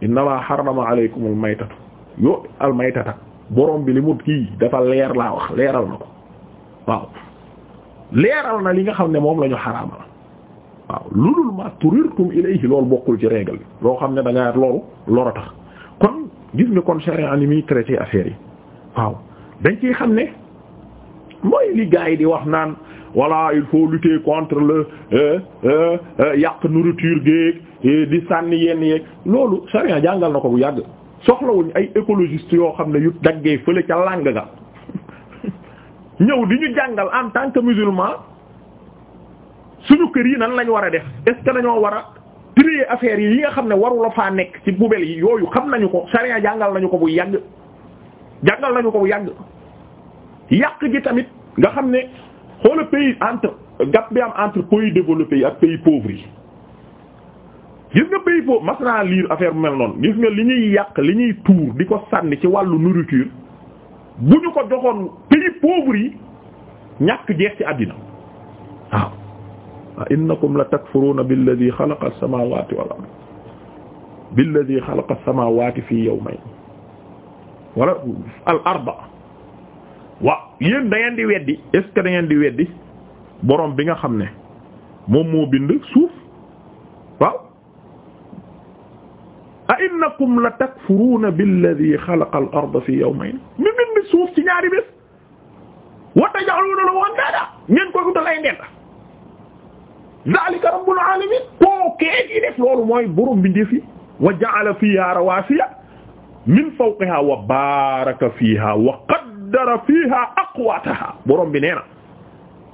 innama harrama alaykum al maytatu yo al maytata borom bi li mu kii dafa leer laa wax leeral na ko waaw leeral na li nga xam ne moom la ñu xaraamal waaw lu dul ma turirtum ilayhi loolu bokkul ci règle loo xam ne da ngaa loolu lor tax kon gis nga kon charia ni traité affaire yi waaw dañ ciy xam ne mooy li gars di wax naan voilà il faut lutter contre le euh, euh, euh, yàq nourriture géeg di sànni yenn yeeg loolu sharia jàngal na ko bu yàgg soxlawuñ ay écologistes yoo xam ne yu daggee fële ca làng ga ñëw di ñu jàngal en tant que musulman suñu kër yi nan lañu war a def est nañoo que dañoo war a trier affaires yi yi nga xam ne waru la faa nekk ci poubelle yi yooyu xam nañu ko sharia jàngal nañu ko bu yàgg jàngal nañu ko bu yàgg yàq gi tamit nga xam ne xoola pays entre gap bi am entre pays développés yi ak pays pauvres yi gis nga pays pauvre liir affaire bu mel noonu gis nga li ñuy yàq li ñuy tuur di ko sànni ci wàllu nourriture bu ñu ko joxoon pays pauvre yi ñàkk jeex ci àddina waaw wa innakum la takfuruna billadi xalaqa as-samawati wal ard billadi xalaqa as fi yawmayn wala al arba wa yéen da di weddi est ce ngeen di weddi borom bi nga xam ne moom moo bind suuf waaw a innakum la takfuruuna billadi xalaqa al arda fi yawmayn mi bind suuf ci ñaari bés wa taj'aluuna lahu andaadan ngeen koy utal ay ndend daalika rabbul aalamiin kookee di def loolu mooy borom bi def yi wa ja'ala fiihaa rawaasiya min fawqihaa wa baaraka fiihaa wa qaddara fiihaa aqwaatahaa borom bi nee na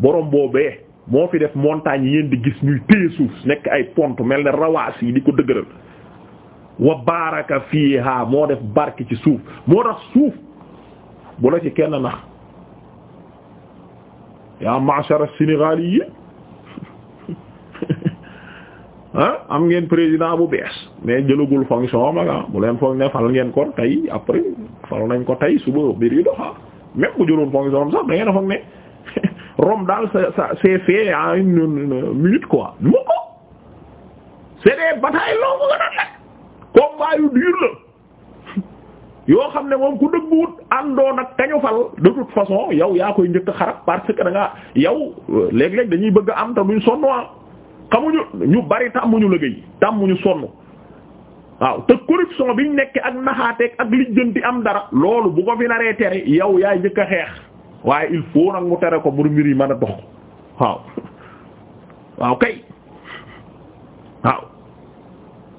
borom boobee moo fi def montagne yi ngeen di gis ñuy téye suuf nekk ay pont mel ne rawaas yi di ko dëgëral wa baraka fiiha moo def barke ci suuf moo tax suuf bu la ci kenn nax yaa ma'shar sénégali yi ah am ngeen président bu bees mais jëlagul fonction am la ah, bu leen foog ne fal ngeen ko tey après fal nañ ko tey suba mbir yi doxa même bu jëloon fonction am sax da ngeen a ne Rome daal sa sa c'est fait en une minute quoi lu ma ko c'est des batailles longues nga combat yu dur la yoo xam ne moom ku dëgguwut àndoon ak kañu fal de toute façon yow yaa koy njëkk xarab parce que da nga yow euh, léeg dañuy bëgg am te duñ sonn ah xamuñu ñu bari tàmmuñu liggéey tàmmuñu sonn waaw te corruption biñ nekk ak naxaateeg ak lijjanti am dara loolu bu ko fi naree tere yow yaay njëkk xeex waaye il faut nag mu tere ko bu mbir mën a dox waaw waaw kay waaw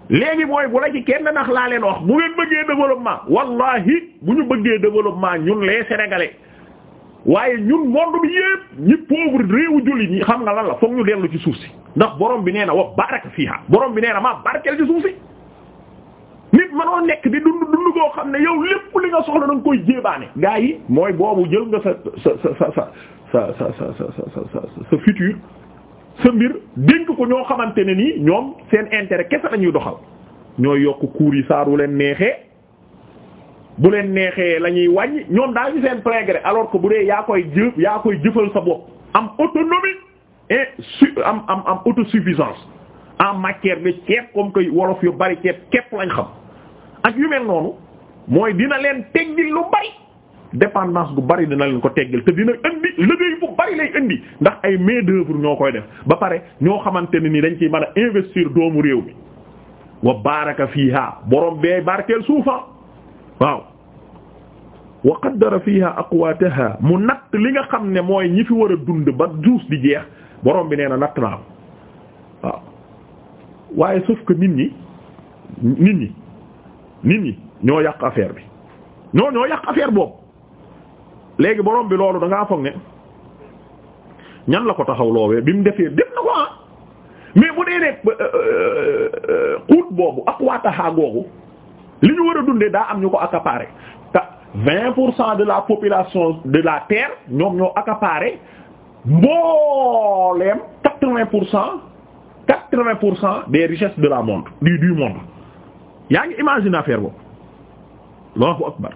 léegi mooy bu la ci kenn nax laa leen wax bu ngeen bëggee développement wallahi bu ñu bëggee développement ñun les sénégalais waaye ñun monde bi yépp ñi pauvre réewu jullit ñi xam nga lan la fokk ñu dellu ci suuf si ndax borom bi nee na wa baraka boroom bi nee na maa barkeel ci suuf si nit mënoo nekk di dund dund koo xam ne yow lépp li nga soxla da koy jéebaane gaa yi mooy boobu jël nga sa sa sa sa sa sa sa sa sa sa futur sa mbir dénk ko ñoo xamante ne nii ñoom seen intérêt kese la ñuy doxal ñooy yokk cours yi saa bu leen neexee bu leen neexee lañuy ñuy wàññi ñoom daal ñu seen progrès alors que bu dee yaa koy jëf yaa koy jëfal sa bopp am autonomie et su am am am autosuffisance en matière de ceeb comme que wolof yu bari ceeb képp lañ xam ak yu mel noonu mooy dina leen teggil lu bari. dépendance gu bari dina leen ko teggal te dina indi liggéey bu bari lay indi ndax ay main d'œuvre ñoo koy def ba pare ñoo xamante ne ni dañ ciy mën a investir doomu réew mi wa baraka fiha borom bee barkeel suufa waaw wa qaddara fiha aqwataha mu natt li nga xam ne mooy ñi fi war a dund ba duus di jeex boroom bi nee na natt naa waaw waaye sauf que nit ñi nit ñi nit ñi ñoo yàq affaire bi ñoo ñoo yàq affaire boobu léegi borom bi loolu danga ngaa ne ñan la ko taxaw loowee bi mu defee def na ko ah mais bu dee nekk euh, euh, xuut boobu ak waataxaa googu li ñu war a dundee daa am ñu ko accaparer te vingt pour cent de la population de la terre ñoom ñoo accaparer mbooleem quatre-vingts pour cent quatre-vingts pour cent des richesses de la monde du du monde yaa ngi imagine affaire boobu Allahu akbar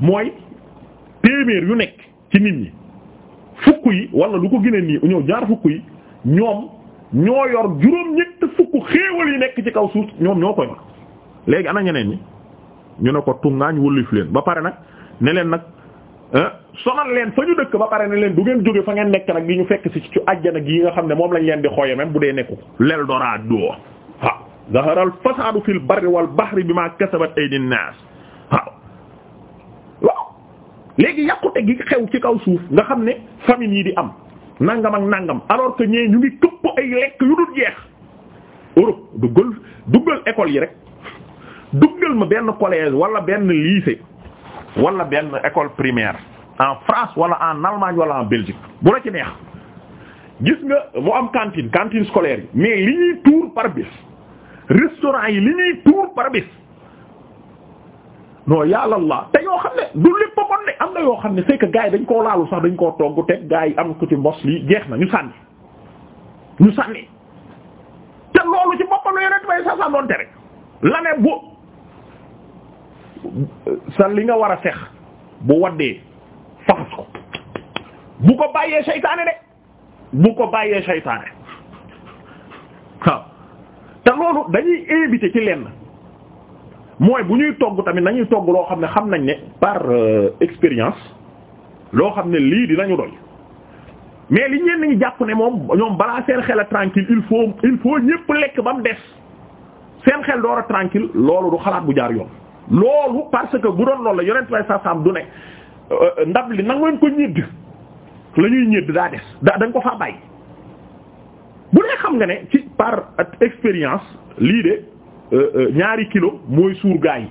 mooy téeméer yu nekk ci nit ñi fukk yi wala lu ko gën a nii ñëw ñaar fukk yi ñoom ñoo yor juróom-ñett fukk xéewal yi nekk ci kaw suuf ñoom ñoo koy wax léegi ana ñeneen ñi ñu ne ko tungaañ wëlif leen ba pare nag ne leen nag eh, sonal leen fa ñu dëkk ba pare ne leen du ngeen jóge fa ngeen nekk nag gi ñu fekk ci ci àjjana gi nga xam ne moom lañ leen di xooye même bu dee nekku l'Eldorado waaw zaharal fasaadu fil barri wal bahri bima kasabat aydin nas léegi yàqute gi xew ci kaw suuf nga xam ne famille yi di am nangam ak nangam alors que ñee ñu ngi këpp ay lekk yu dul jeex Europe duggal duggal école yi rek duggal ma benn collège wala benn lycée wala benn école primaire en France wala en Allemagne wala en Belgique bu la ci neex gis nga mu am cantine cantine scolaire yi mais li ñuy tuur par bis yi li ñuy tuur par non yàlla la te yoo xam ne du lépp a ne am na yoo xam ne c'est que yi dañ koo laalu sax dañ koo togg teg gars yi am ko ci mbos lii jeex na ñu sànni ñu sànni te loolu ci boppam la yonent bay sa sa doon tere la ne bu sa li nga war a fex bu waddee faxas ko bu ko bàyyee seytaane de bu ko bàyyee seytaane waaw te loolu dañuy éviter ci lenn. mooy bu ñuy togg tamit nañuy togg loo xam ne xam nañ ne par euh, expérience loo xam ne lii dinañu doy mais li ñeen ñi jàpp ne moom ñoom balaa seen xel a tranquille il faut il faut ñépp lekk ba mu des seen xel door a tranquille loolu du xalaat bu jaar yoon loolu parce que bu doon loolu la yonent bay sasam du ne euh, ndab li nag leen ko ñëdd lañuy ñuy ñëdd daa des da da ko faa bàyyi bu dee xam nga ne ci par expérience lii de Euh, euh, ñaari kilo mooy suur gaa yi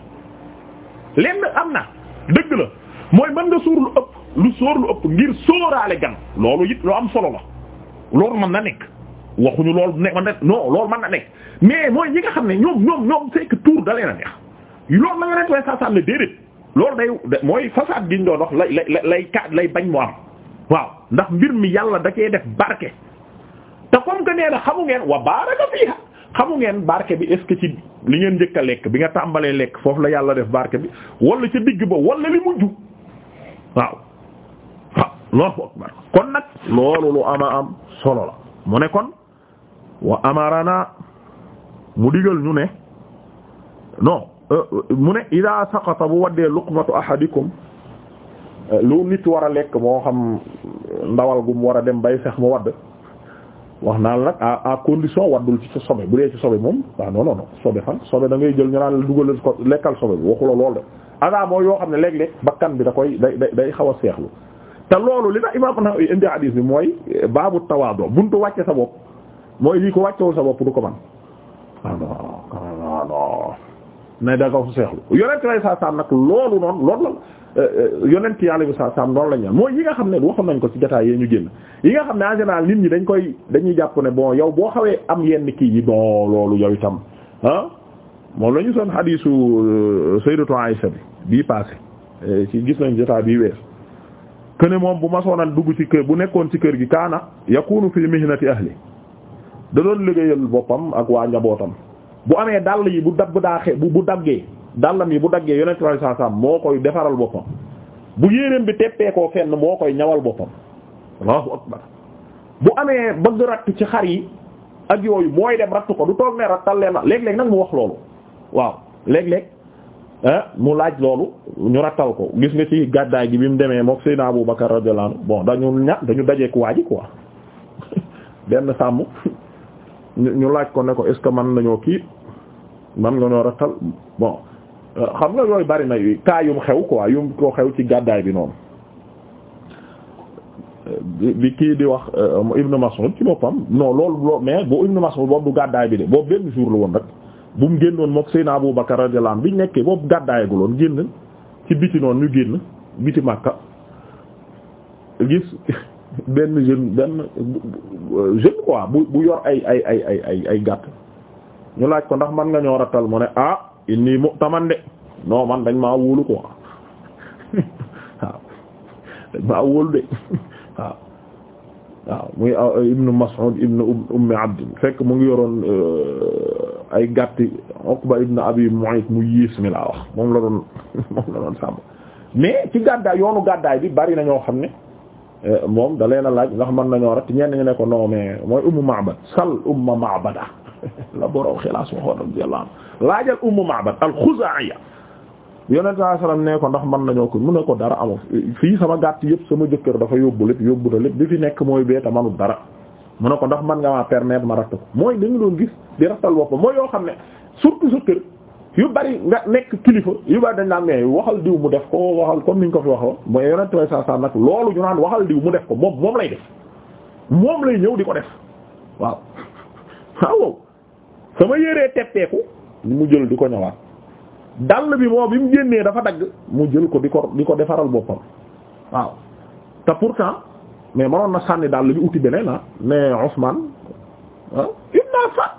lenn am na dëgg la mooy mën nga suur lu ëpp lu sóor lu ëpp ngir sóoraale gan loolu it lu am solo la loolu mën na nekk waxuñu loolu ne man non loolu mën na nekk mais mooy ñi nga xam ne ñoom ñoom ñoom c'est que tour da leen a neex loolu na nga ret way sasam ne déedéet loolu day mooy façade giñ doon wax lay lay lay kaat lay bañ mu am waaw ndax mbir mi yàlla da cee def barke te comme que nee na xamu ngeen wa baraka fiiha xamu ngeen barke bi est-ce que ci li ngeen njëkk a lekk bi nga tàmbalee lekk foofu la yàlla def barke bi wala ca digg ba wala li mujj waaw waaw nag loolu lu ama am solo la mu ne kon wa amarana mu digal ñu ne no euh, euh, mu ne ida saqata bu waddee luqmatu ahadikum euh, lu nit war a lekk moo xam ndawal gum war a dem bay fex mu wadd wax naa la nag à condition waddul ci sobe bu dee ci sobe moom ah non non sobe fan sobe da ngay jël ñu naan la dugalal ko lekkal sobe bi waxula lool de aga mooy yoo xam ne léeg-léeg bakkan bi da koy day day xaw a seexlu te loolu li na imam na indi hadis bi mooy eh, baabu tawaa tawaado buntu wàcce sa bopp mooy lii ko wàccewul sa bopp du ko man ah non ah, ne da nga ko seexlu yonent lay saa saa nag loolu noonu loolu la Euh, euh, yonent yàlla bi saa saam noonu la ñu mooy yi nga xam ne waxoon nañ ko ci jotaay yee ñu génn yi nga xam ne en général nit ñi dañ koy dañuy jàpp ne bon yaw boo xawee am yenn kii yi bon loolu yow itam ah moom la ñu son xadiisu euh, sayyidatu Aisha bi bii passé ci gis nañ jotaay bii wees këne moom bu ma sonal dugg ci kër bu nekkoon ci kër gi kaana yakunu fi mihnati ahli da doon liggéeyal boppam ak waa njabootam bu amee dàll yi bu dab daa xe bu daggee dàllam yi bu daggee yonent bi sallallahu moo koy defaral boppam bu yéreem bi teppeekoo fenn moo koy ñawal boppam allahu akbar bu amee bëgg ratt ci xar yi ak yooyu mooy dem ratt ko du toog ne rattal leen léeg-léeg nag mu wax loolu waaw léeg-léeg ah, mu laaj loolu ñu rattal ko gis nga ci gàddaay gi bi mu demee mook Seydina Abu Bakar radiyallahu anhu bon dañu ña dañu dajeek waa ji quoi benn sàmm ñu laaj ko ne ko est ce que man nañoo kii man nga ñoo rattal bon xam nga yooyu bari na yu kaa yum xew quoi yum ko xew ci gàddaay bi noonu bi kii di wax euh, Ibn Mas'ud ci boppam no lool mais bu Ibn Mas'ud boobu du gàddaay bi de boobu benn jour la woon rek bu mu génnoon mook Seydina Abu Bakar radiyallahu bi biñ nekkee boobu gàddaayaguloon génn ci biti noonu ñu génn biti Makka gis benn jeune benn jeune quoi bu bu yor ay ay ay ay ay ay gàtt ñu laaj ko ndax man nga ñoo rattal mu ne ah inni mu'taman de non man dañ maa wóolu quoi waaw dañ maa wóolu de waaw waaw muy euh, ibnu Mas'ud ibnu umm, ummi abdin fekk mu ngi yoroon euh, ay gàtti ba ibnu abi Mu'ayt mu yiis mi laa wax moom la doon moom la doon sàmm mais ci gàddaay yoonu gàddaay bi bari na ñoo xam ne euh, moom da leen laaj ndax mën nañoo rek ñenn ñu ne ko non mais mooy ummu Ma'bad sal umma Ma'bada la borom xilaas waxoon radiyallahu anhu laajal ummu Ma'bad al-Khuzaa'iya yonent saa salaam ne ko ndax mën nañoo ko mun ne ko dara amul fii sama gàtt yëpp sama jëkkër dafa yóbbu lépp yóbbu na lépp bi fi nekk mooy beeta manul dara mu ne ko ndax man nga maa permettre ma ratt ko mooy dañu doon gis di rattal yoo xam ne surtout sa kër yu nekk kilifa yu bari dañ naan mais waxal diw mu def ko waxal comme niñ ko fi waxoon mooy yonent saa salaam nag loolu ñu naan waxal diw mu def ko moom moom lay def moom lay ñëw di ko def waaw sama yéree teppeeku mu jël di ko ñëwaat dàll bi moo bi mu génnee dafa dagg mu jël ko di ko di ko defaral boppam waaw te pourtant mais manoon na sànni dàll bi uti beneen ah mais Ousmane ah ibn Affan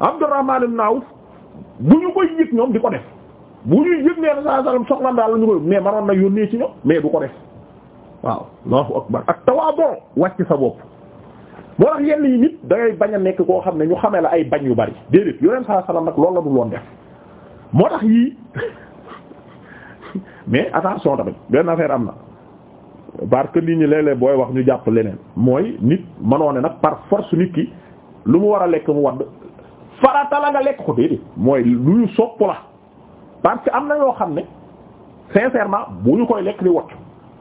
Abdurrahman bu ñu koy yëg ñoom di ko def bu ñuy yëg nee na saa sallam soxla daal ñu koy mais manoon na yónnee ci ñoom mais du ko def waaw Allahu akbar ak tawaabo wàcc sa bopp moo tax yenn nit da bañ a nekk koo xam ne ñu xamee la ay bañ yu bari déedéet yoneen saa salaam nag loolu la du loon def moo tax yii mais attention tamit benn affaire am na parce que nit ñi léeg booy wax ñu jàpp leneen mooy nit mënoo ne nag par force nit ki lu mu war a lekk mu wadd farata nga lekk ko déedéet mooy lu ñu sopp la parce que am na yoo xam ne sincèrement bu ñu koy lekk di wacc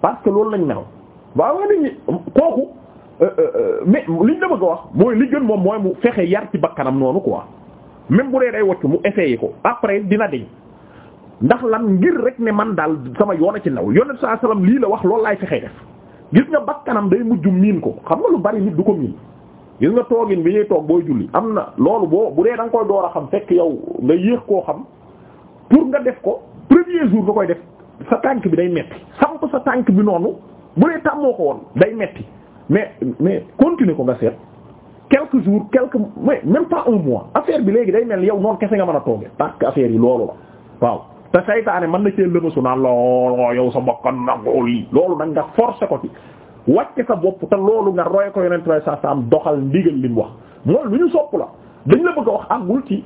parce que loolu lañ mel waaw nit ñi kooku Euh, euh, euh, mais liñ la bëgg a wax mooy li gën moom mooy mu fexe yar ci bakkanam noonu quoi même bu dee day wocc mu essayé ko après dina deñ ndax lan ngir rek ne man daal sama yoon a ci naw yonent saa salaam lii la wax loolu laay fexe def gis nga bakkanam day mujj miin ko xam nga lu bari nit du ko miin. gis nga toogin bi ñuy toog booy julli am na loolu boo bu dee da nga koy door a xam fekk yow nga yéex koo xam pour nga def ko premier jour nga koy def sa tànk bi day metti samp sa tànk bi noonu bu dee tàmmoo ko woon day metti. mais mais continuer ko nga seet quelques jours quelques mais même pas un mois affaire bi léegi day mel yow noonu kese nga mën a toogee parce que affaire yi loolu la waaw te saytaane man na cee lëmasu naan lool oh, oh, yow sa bakkan nangol oh, yi loolu nag nga forcer ko ci wàcce sa bopp te loolu nga roye ko yonent way sa am doxal ndigal li mu wax mooy lu ñu sopp la dañ la bëgg a wax àggul ci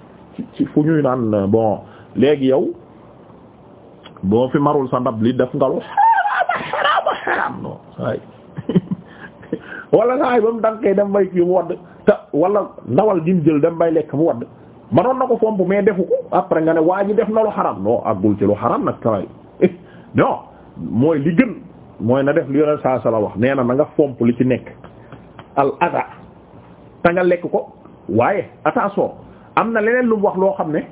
ci fu ñuy naan bon léegi yow boo fi marul sa ndab li def nga lu wala saa yi ba mu dànkee dem bay kii mu wadd te wala ndawal jim jël dem bay lekk mu wadd manoon na ko fomp mais defu ko après nga ne waa ji def na lu xaram non àggul ci lu xaram nag kaway non mooy li gën mooy na def li yoneen saa sala wax nee na na nga fomp li ci nekk al ada ta nga lekk ko waaye attention am na leneen lu mu wax loo xam ne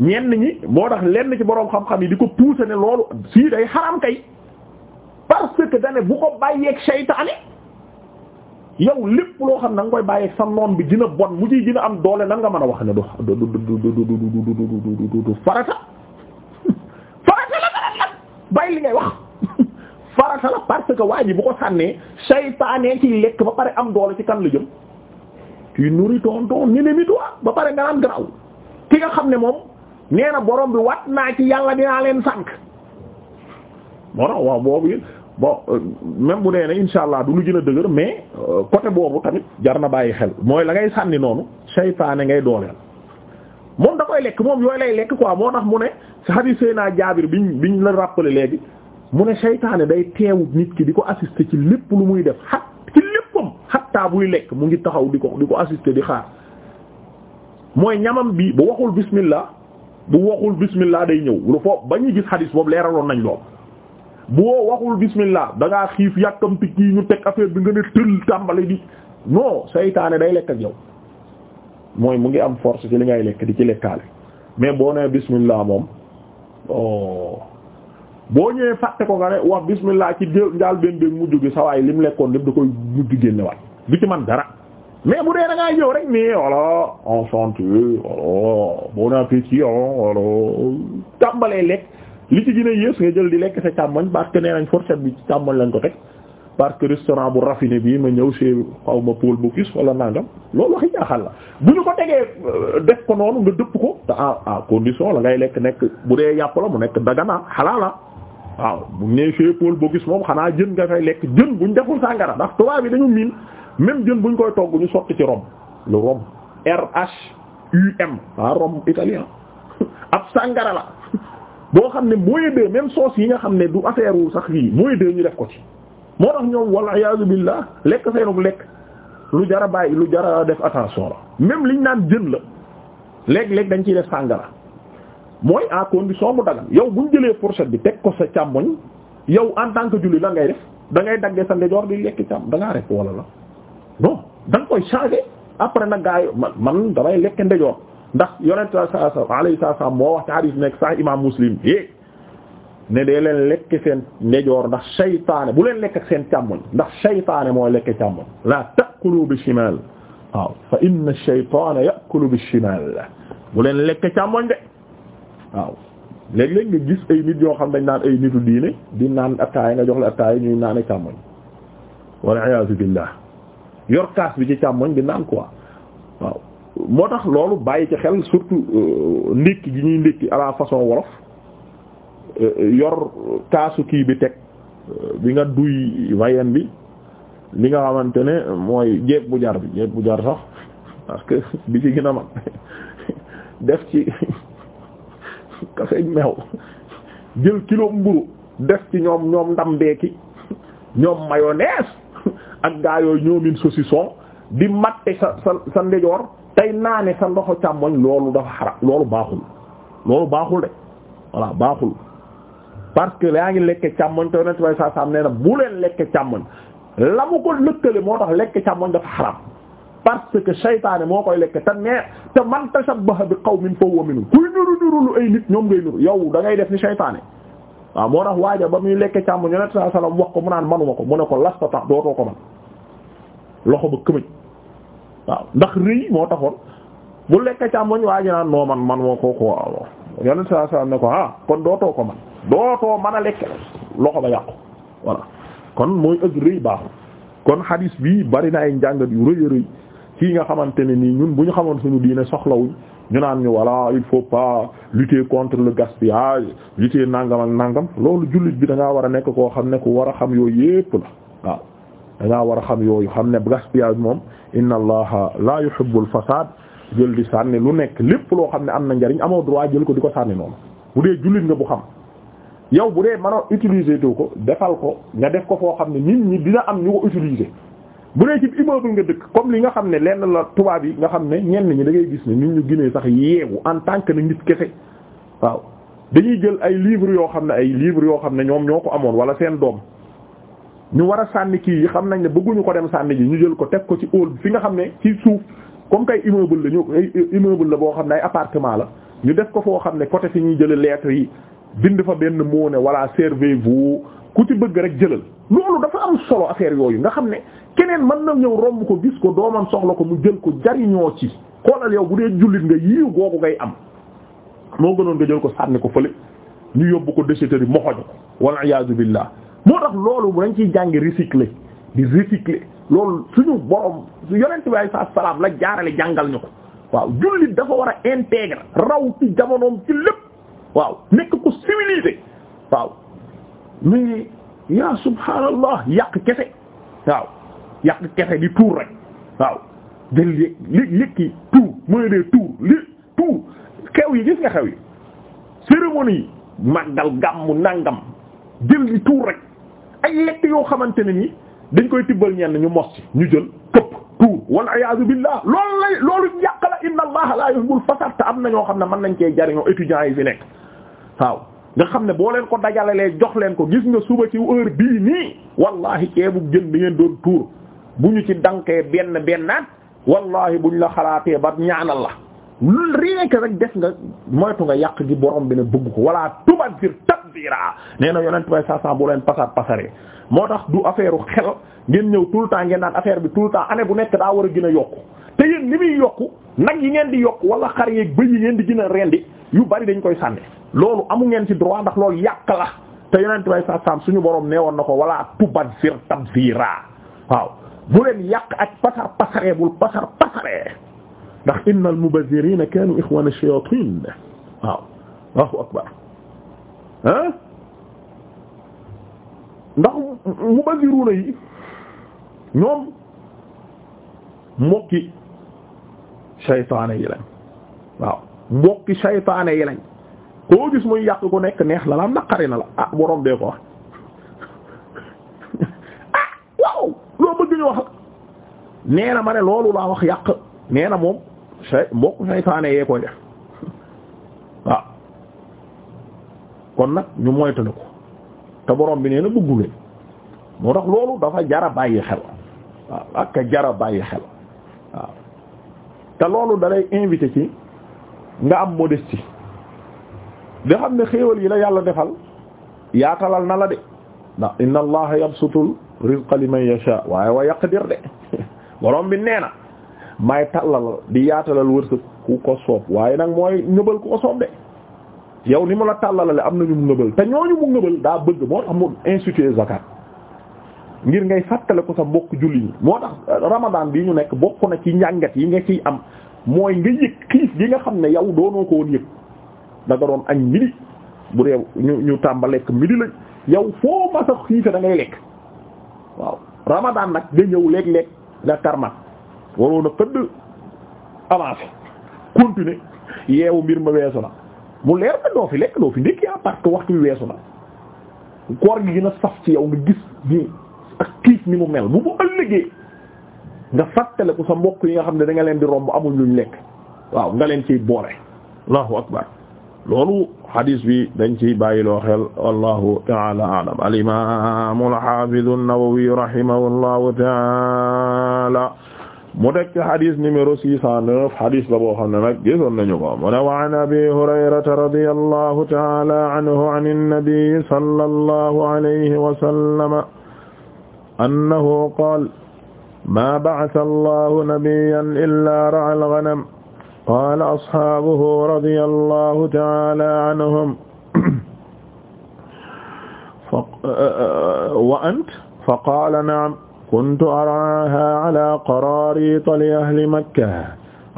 ñenn ñi moo tax lenn ci boroom xam-xam yi di ko pousser ne loolu sii day xaram kay parce que dane bu ko bàyyeeg yow lépp loo xam na nga koy bàyyi sa noon bi dina bon mu ciy dina am doole nan nga mën a wax ne du du du du du du farata farata la dara la bàyyi li ngay wax farata la parce que waa ji bu ko sànnee saytaanee ciy lekk ba pare am doole ci kan la jëm tu nourris ton ton ennemi toi ba pare nga naan garaaw ki nga xam ne moom nee borom bi wat naa ci yàlla dinaa leen sànk moo tax waaw boobu bon euh, même bu nee ne insha allah du lu gën a dëgër mais euh, côté boobu tamit jar na bàyyi xel mooy la ngay sànni noonu saytaane ngay dooleel moom da koy lekk moom yooyu lay lekk quoi moo tax mu ne si hadith Seydina Jaabir biñ biñ la rappelé léegi mu ne saytaane day teewut nit ki di ko assister ci lépp lu muy def xat ci léppam xattaa buy lekk mu ngi taxaw di ko di ko assister di xaar mooy ñamam bi bu waxul bismillah bu waxul bismillah day ñëw lu foofu ba ñuy gis hadith boobu leeraloon nañ lool. boo waxul bismillah da ngaa xiif yàkkamti kii ñu teg affaire bi nga ne tël tàmbali di non seytaane day lekk ak mooy mu ngi am force ci li ngay lekk di ci lekkaale mais boo nee bismillah moom oh. boo ñëwee fàtte ko nga ne wax bismillah ci jël njaal benn benn mu jóge sawaay li mu lekkoon lépp du koy mujj génnewaat du ci man dara mais bu dee da ngaa ñëw rek nii voilà enchanté voilà bon appétit voilà tàmbalee lekk. li ci gën a yées nga jël di lekk sa càmmoñ parce que nee nañ fourchette bi ci càmmoñ lañ ko teg parce que restaurant bu raffiné bii ma ñëw chez xaw ma Paul Bocuse wala nangam loolu waxi jaaxal la bu ñu ko tegee euh, def ko noonu nga dëpp ko te à ah, à condition la ngay lekk nekk bu dee yàpp la mu nekk dagana xalaala waaw bu nee chez Paul Bocuse moom xanaa jën nga fay lekk jën buñ deful sàngara ndax tubaab yi dañu miin même jën buñ koy togg ñu sotti ci rom le rom R la. boo xam ne mooy de même soos yi nga xam ne du affaire wu sax yii mooy de ñu def ko ci moo tax ñoom wal la billah lekk seenug lekk lu jara bàyyi lu jara def attention la même liñ naan jën la léeg-léeg dañ ciy def sàngara mooy à condition mu dagan yow buñ jëlee fourchette bi teg ko sa càmmoñ yow en tant que julli la ngay def da ngay daggee sa ndejoor di lekk càmm da ngaa rek wala la non da nga koy changer après nag gaa yi man man damay lekk ndejoor ndax yonent saa saa alayhi salaam moo nekk sax imaam muslim ne dee leen lekk seen ndejoor ndax saytaane bu leen lekk seen càmmoñ ndax saytaane mooy lekk càmmoñ laa ta'kulu bi shimal waaw fa inna ash-shaytaana ya'kulu bi shimal bu leen lekk càmmoñ de waaw léeg-léeg nga ay nit yoo xam dañ naan ay nitu diine di naan attaaya nga jox la attaaya ñuy naan càmmoñ wal iyaazu billah yor bi ci càmmoñ di naan quoi moo tax loolu bàyyi ci xel surtout euh, ndékki gi ñuy ndékki à façon wolof euh, yor kaasu kii bi teg euh, bi nga duy wayen bi li nga xamante ne mooy jeeb bu jar bi jeeb bu jar sax parce que bi ci gën a mag def ci kafeeg meew jël kilo mburu def ci ñoom ñoom ndambeeki ñoom mayonnaise ak gaa yooyu ñoomin saucisson di matte sa sa ndejoor tey naane sa ndoxu càmmoñ loolu dafa xara loolu baaxul loolu baaxul de voilà baaxul parce que yaa ngi lekke càmmoñ te yonent bay saa saam nee na bu leen lekke càmmoñ la mu ko lëkkale moo tax lekke càmmoñ dafa xaram parce que saytaane moo koy lekke te nee te man tashabbaha bi qawmin fa huwa minhum kuy nuru nuru lu ay nit ñoom ngay nuru yow da ngay def ni saytaane waaw moo tax waaja ba muy lekke càmmoñ yonent saa sallam wax ko mu naan manuma ko mu ne ko lasta tax dootoo ko loxo ba këmëj waaw ndax rëy moo taxoon bu lekk càmmoñ waa ji naan noo man man moo koo ko waaw yàlla saa saa ne ko ah kon dootoo ko man dootoo mën a lekk loxo ba yàqu voilà kon mooy ëgg rëy baaxul kon xadis bi bari na ay njàngat yu rëy a rëy kii nga xamante ne nii ñun bu ñu xamoon suñu diine soxlawuñ ñu naan ñu voilà il faut pas lutter contre le gaspillage lutter nangam ak nangam loolu jullit bi da war a nekk koo xam ne ku war a xam yooyu yépp la waaw. dangaa war a xam yooyu xam ne gaspillage moom inna allaha la yuhibbul fasad jël di sànni lu nekk lépp loo xam ne am na njariñ amoo droit jël ko di ko sànni noonu bu dee jullit nga bu xam yow bu dee mënoo utiliser too ko defal ko nga def ko foo xam ne nit ñi dina am ñu ko utiliser bu dee ci immeuble nga dëkk comme li nga xam ne lenn la tubaab yi nga xam ne ñenn ñi da gis ne nit ñu ginee sax yeewu en tant que nit kese waaw dañuy jël ay livres yoo xam ne ay livres yoo xam ne ñoom ñoo ko amoon wala seen doom ñu war a sànni kii yi xam nañ ne bëgguñu ko dem sànni ji ñu jël ko teg ko ci hall fi nga xam ne ci suuf comme kay immeuble la ñu immeuble la boo xam ne ay appartement la ñu def ko foo xam ne côté fi ñuy jële lettres yi bind fa benn moo ne voilà servez bu ku ci bëgg rek jëlal loolu dafa am solo affaire yooyu nga xam ne keneen mën na ñëw romb ko gis ko doomam soxla ko mu jël ko jariñoo ci xoolal yow bu dee jullit nga yiiw googu ngay am moo gënoon nga jël ko sànni ko fële ñu yóbbu ko déchetterie moxoñ ko wal iyaazu billah moo tax loolu bu dañ ciy jàngi recycler di recycler loolu suñu borom yonent bi ay salaam la jaarale jàngal ñu ko waaw jullit dafa war a intégrer raw ci jamonoom ci lépp waaw nekk ko civilisé waaw mais yaa subhaanallah yàq kese waaw yàq kese di tuur rek waaw jël yëg li yëkki tuur mooy dee tuur li tuur xew yi gis nga xew yi cérémonie yi màggal gàmmu nangam jël di tuur rek ay lekk yoo xamante ne nii dañ koy tibbal ñenn ñu mos ñu jël këpp tuur wal ayaadu billah loolu lay loolu yàq la inna allaha la yuhibbul fasad te am na ñoo xam ne mën nañ cee jariñoo étudiants yi fi nekk waaw nga xam ne boo leen ko dajalalee jox leen ko gis nga suba ci heure bii nii wallahi ceebu gën bi ngeen doon tuur bu ñu ci dankee benn bennaat wallahi ñu la xalaatee ba ñaanal la rien que rek des nga moytu nga yàq gi borom bi ne bëgg ko wala tubazir tabdira nee na yonent bay sa sa bu leen pasar pasaree moo tax du affaire u xel ngeen ñëw tout le temps ngeen naan affaire bi tout le temps année bu nekk daa war a gën a yokku te yéen li muy yokku nag yi ngeen di yokku wala xar yeeg bëy yi ngeen di gën a rendi yu bari dañ koy sànni loolu amu ngeen ci droit ndax loolu yàq la te yonent bay sa sam suñu borom nee woon na ko wala tubazir tabdira waaw bu leen yàq ak pasar pasaree bul pasar pasaree ndax innal mubazzirina kanu ikhwana ash-shayatin waaw Allahu akbar ah ndax mubazziruna yi ñoom mbokki shaytaane yi lañ waaw mbokki shaytaane yi lañ koo gis muy yàq ku nekk neex la la naqari na la ah borom dee ko wax ah waaw loo bëgg ñu wax nee na ma ne loolu laa wax yàq nee na moom say mbokk saytaane yee koy def waaw ah. kon nag ñu moytali ko te borom bi nee na bëggu leen moo tax loolu dafa jara bàyyi xel waaw ah, ak jara bàyyi xel waaw ah. te loolu dalay invité ci nga am modestie da xam ne xéewal yi la yàlla defal yaatalal na la de ndax inna allaha yabsutul rizqa liman yasha waaye wa yaqdir de borom bi nee na may tàllal di yaatalal wërsëg ku ko soob waaye nag mooy ngëbal ku ko soob de yow ni mu la tàllalale am na ñu mu ngëbal te ñooñu mu ngëbal daa bëgg moo tax mu institué zakat ngir ngay fàttale ko sa mbokk julli ñi moo tax ramadan bi ñu nekk bokk na ci njàngat yi nga ciy am mooy nga yëg xiif gi nga xam ne yow doonoo ko woon yëg da nga doon añ midi bu dee ñu ñu tàmba lekk midi la yow foo masa xiife da ngay lekk waaw ramadan nag da ñëw waroon a xëdd avancé continuer yeewu mbir ma weesu mu leer na doo fi lekk doo fi ndékki à ah part que waxtu bi weesu gi gën a saf ci yow nga gis ni ak kiif ni mu mel bu mu ëllëgee nga fàttale ko sa yi nga xam ne da nga leen di romb amuñ luñ lekk waaw nga leen ciy boole allahu akbar loolu hadis bi dañ ciy bàyyiloo xel wallahu taala alam al imam al hafiz taala mu teg ci xadis numéro 609 xadis la boo xam ne nag gisoon nañu ko mu ne wa an abi hurayrata radiyallahu ta'ala anhu an an-nabi sallallahu alayhi wa sallam annahu qaala maa ba'atha allahu nabiyyan illaa ra'a al-ghanam qaala ashaabuhu radiyallahu ta'ala anhum wa anta fa qaala na'am kuntu araaha ala qaraarita li ahli makka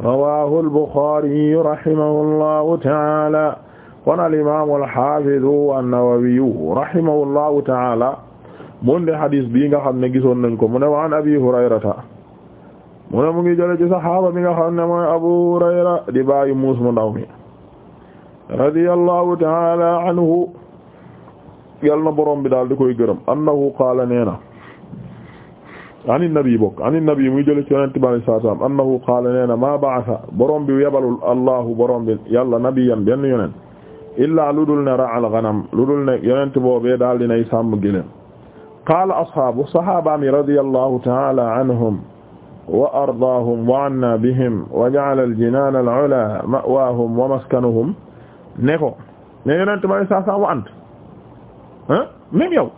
rawaahu al-Buxaariyu rahimahullahu ta'aala kon al-imaamu al-haafidu an-Nawawiyu rahimahullahu ta'aala mun de xadis bii nga xam ne gisoon nañ ko mu ne wa an Abi Hurayrata mu ne mu ngi jële ci saxaaba bi nga xam ne mooy Abu Hurayra di bàyyi muus mu ndaw mi radiyallahu ta'aala anhu yal na borom bi daal di koy gërëm annahu qaala nee na an nabi bokk an nabi muy jële ci yonente bi alayhi salaatu wa salaam annahu qaala nee na maa ba'atha borom bi yebalul allahu borom bi yàlla nabiyan benn yonent illaa lu dul ne ra'al ganam lu dul ne yonent boobee daal dinay sàmm gëléem qaala ashaabu sahabaami radiyallahu ta'ala anhum wa ardaahum wa anna bihim wa ja'ala al-jinaan al-'ulaa ma'waahum wa maskanuhum ne ko ne yonent bi alayhi salaatu wa salaam wa ant ah même yow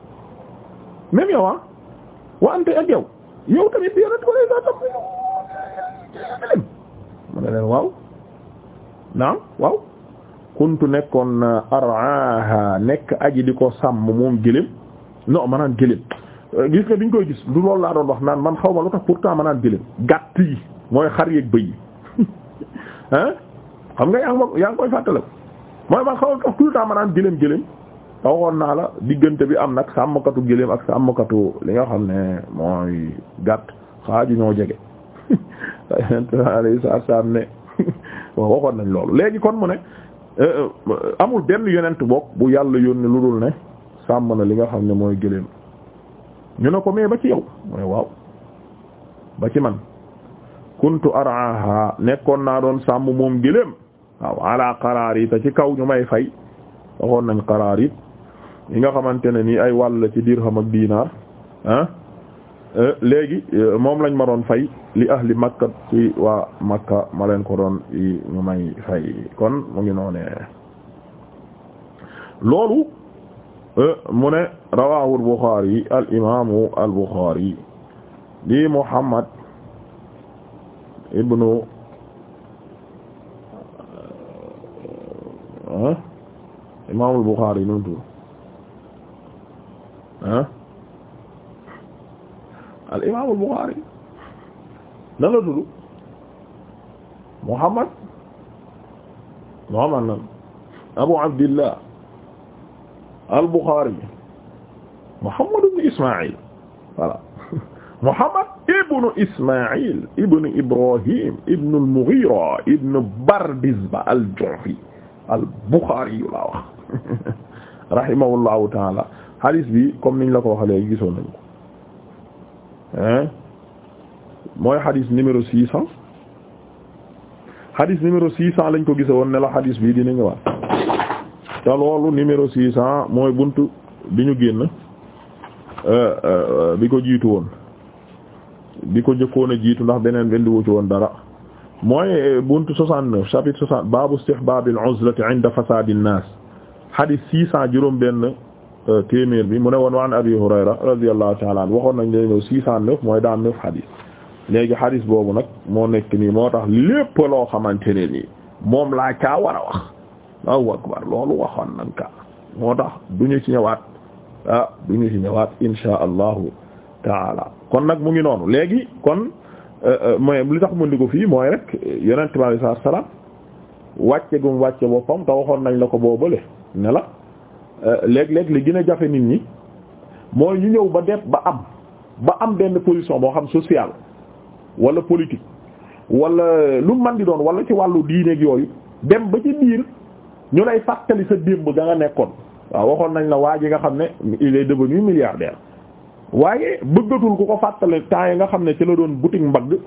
même yow ah wa ant ak yow yow tamit yonent ko waaw naam nekkoon uh, araaha nekk aji di ko sàmm moom gëléem non maanaam gëléem euh, gis nga biñ koy gis lu loolu laa doon wax naan man xaw ma lu tax pourtant maanaam gëléem gàtt yi mooy xar yeeg bëy yi ah xam nga yaa ngi yaa ngi koy fàttale mooy man xaw ma lu tax tout le temps maanaam gëléem gëléem waxoon naa la diggante bi am nag sàmmkatu gëléem ak sàmmkatu li nga xam ne mooy gàtt xaaju ñoo jege ne waaw waxoon nañ loolu léegi kon mu ne euh, euh, amul benn yonent bokk bu yàlla yónni lu dul ne sàmm na li nga xam ne mooy gëléem ñu ne ko mais ba ci yow mu ne waaw ba ci man kuntu araaha nekkoon naa doon sàmm moom gëléem waaw ala qaraar yi te ci kaw ñu may fay waxoon nañ qaraar it yi nga xamante ne nii ay wàll la ci dirham ak diinaar ah eh, léegi eh, moom lañ ma doon fay li ahli makka ci waa makka ma leen ko doon yi ñu may fay kon mu ngi noone loolu eh, mu ne rawahu al buxaari al imaamu al buxaari di muhammad ibnu imaamul buxaari nuntu ah al imaam al Buxaari nan la tudd Muhammad Muhammad nan Abu Abdillah al Buxaari Muhammad ibn Ismaïl voilà Muhammad ibn Ismaïl ibn Ibrahim ibn al-Mughira ibn Bardizba al-Ju'fi al Buxaari yu laa wax rahimahullahu ta'ala hadis bi comme niñ la ko waxee léegi gisoon nañ ko mooy hadis numéro six cent hadis numéro six cent lañ ko gise woon ne la hadis bi dina ñëwaat te loolu numéro six cent mooy buntu bi ñu génn euh, euh, bi ko jiitu woon bi ko jëkkoon a jiitu ndax beneen benn wu woon dara mooy euh, bunt soixante neuf chapitre soixante baabu istihbaabil uzlati inda fasaadin naas hadis six cent juróom benn Euh, téeméer bi mu ne woon waan abi hurayra radiyallahu ta'ala anhu waxoon nañ leen ñëw six cent mooy daan neuf xadis léegi xadis boobu nag moo nekk nii moo tax lépp loo xamante ne nii moom laa caa war a wax Allahu akbar loolu waxoon nañ ka moo tax du ñu ci ñëwaat ah du ñu ci ñëwaat insha allahu taala kon nag mu ngi noonu léegi kon euh, euh, mooy li tax mu ndi ko fii mooy rek yonent bi sallallahu alayhi wasallam wàcce gum wàcce boppam te waxoon nañ la ko boobale nela léeg-léeg li gën a jafe nit ñi mooy ñu ñëw ba def ba am ba am benn position boo xam social wala politique wala lu man di doon wala ci wàllu diineeg yooyu dem ba ci biir ñu lay fàttali sa démb ga nekkoon waaw waxoon nañ la waa ji nga xam ne il est devenu milliardaire waaye bëggatul ku ko fàttali temps yi nga xam ne ci la doon boutique mbagg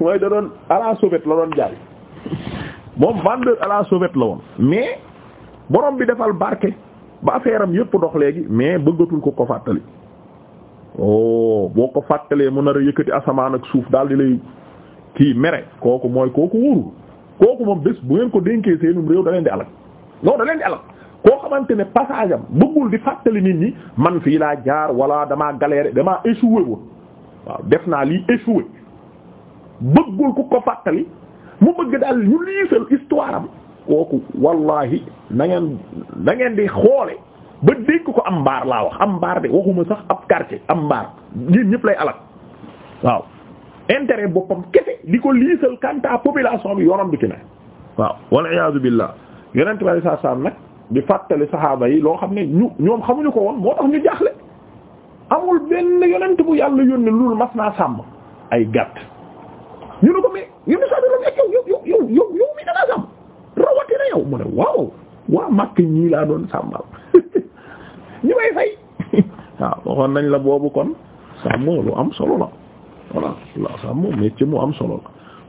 mooy da doon à la la doon jaay moom vendeur à la sauvette la woon mais borom bi defal barke ba affaire am yëpp dox léegi mais bëggatul ko ko fàttali oh boo ko fàttalee mu nar a yëkkati asamaan ak suuf daal di lay kii mere kooku mooy kooku wóorul kooku moom bés bu ngeen ko dénkee seenum réew da leen di alal non da leen di alal koo xamante ne passage am bëggul di fàttali nit ñi man fii laa jaar wala damaa galéré damaa échoué woon waaw def naa lii échoué bëggul ku ko fàttali mu bëgg daal ñu liisal histoire am kooku wallahi na ngeen na ngeen di xoole ba dégg ko am mbaar laa wax am mbaar de waxuma sax ab quartier am mbaar ñun ñëpp lay alal waaw intérêt boppam kese di ko liisal kanta population bi yoonam du ci ne waaw wal iyaazu billah yonent bi saa saa nag di fàttali saxaaba yi loo xam ne ñu ñoom xamuñu ko woon moo tax ñu jaaxle amul benn yonent bu yàlla yónnee loolu mas naa sàmm ay gàtt ñu ne ko mais yéen yow mi da ngaa sàmm rawatina yow mu ne waaw waa Makka ñii laa doon sàmmal ñu may fay waxoon nañ la boobu kon sàmm lu am solo la voilà la sàmm métier mu am solo la.